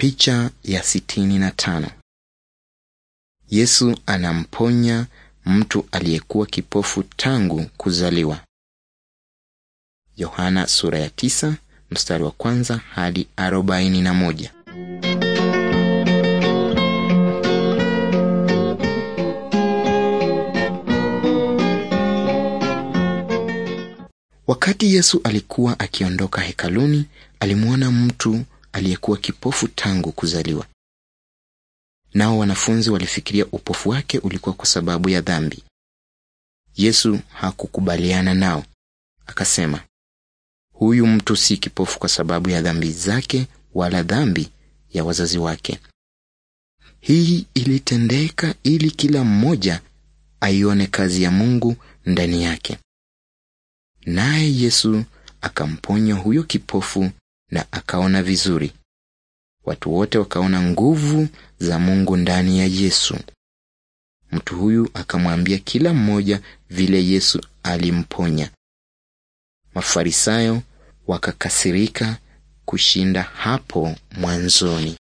Picha ya sitini na tano. Yesu anamponya mtu aliyekuwa kipofu tangu kuzaliwa. Yohana sura ya tisa, mstari wa kwanza hadi arobaini na moja. Wakati Yesu alikuwa akiondoka hekaluni, alimwona mtu aliyekuwa kipofu tangu kuzaliwa. Nao wanafunzi walifikiria upofu wake ulikuwa kwa sababu ya dhambi. Yesu hakukubaliana nao, akasema, huyu mtu si kipofu kwa sababu ya dhambi zake wala dhambi ya wazazi wake. Hii ilitendeka ili kila mmoja aione kazi ya Mungu ndani yake. Naye Yesu akamponya huyo kipofu na akaona vizuri. Watu wote wakaona nguvu za Mungu ndani ya Yesu. Mtu huyu akamwambia kila mmoja vile Yesu alimponya. Mafarisayo wakakasirika kushinda hapo mwanzoni.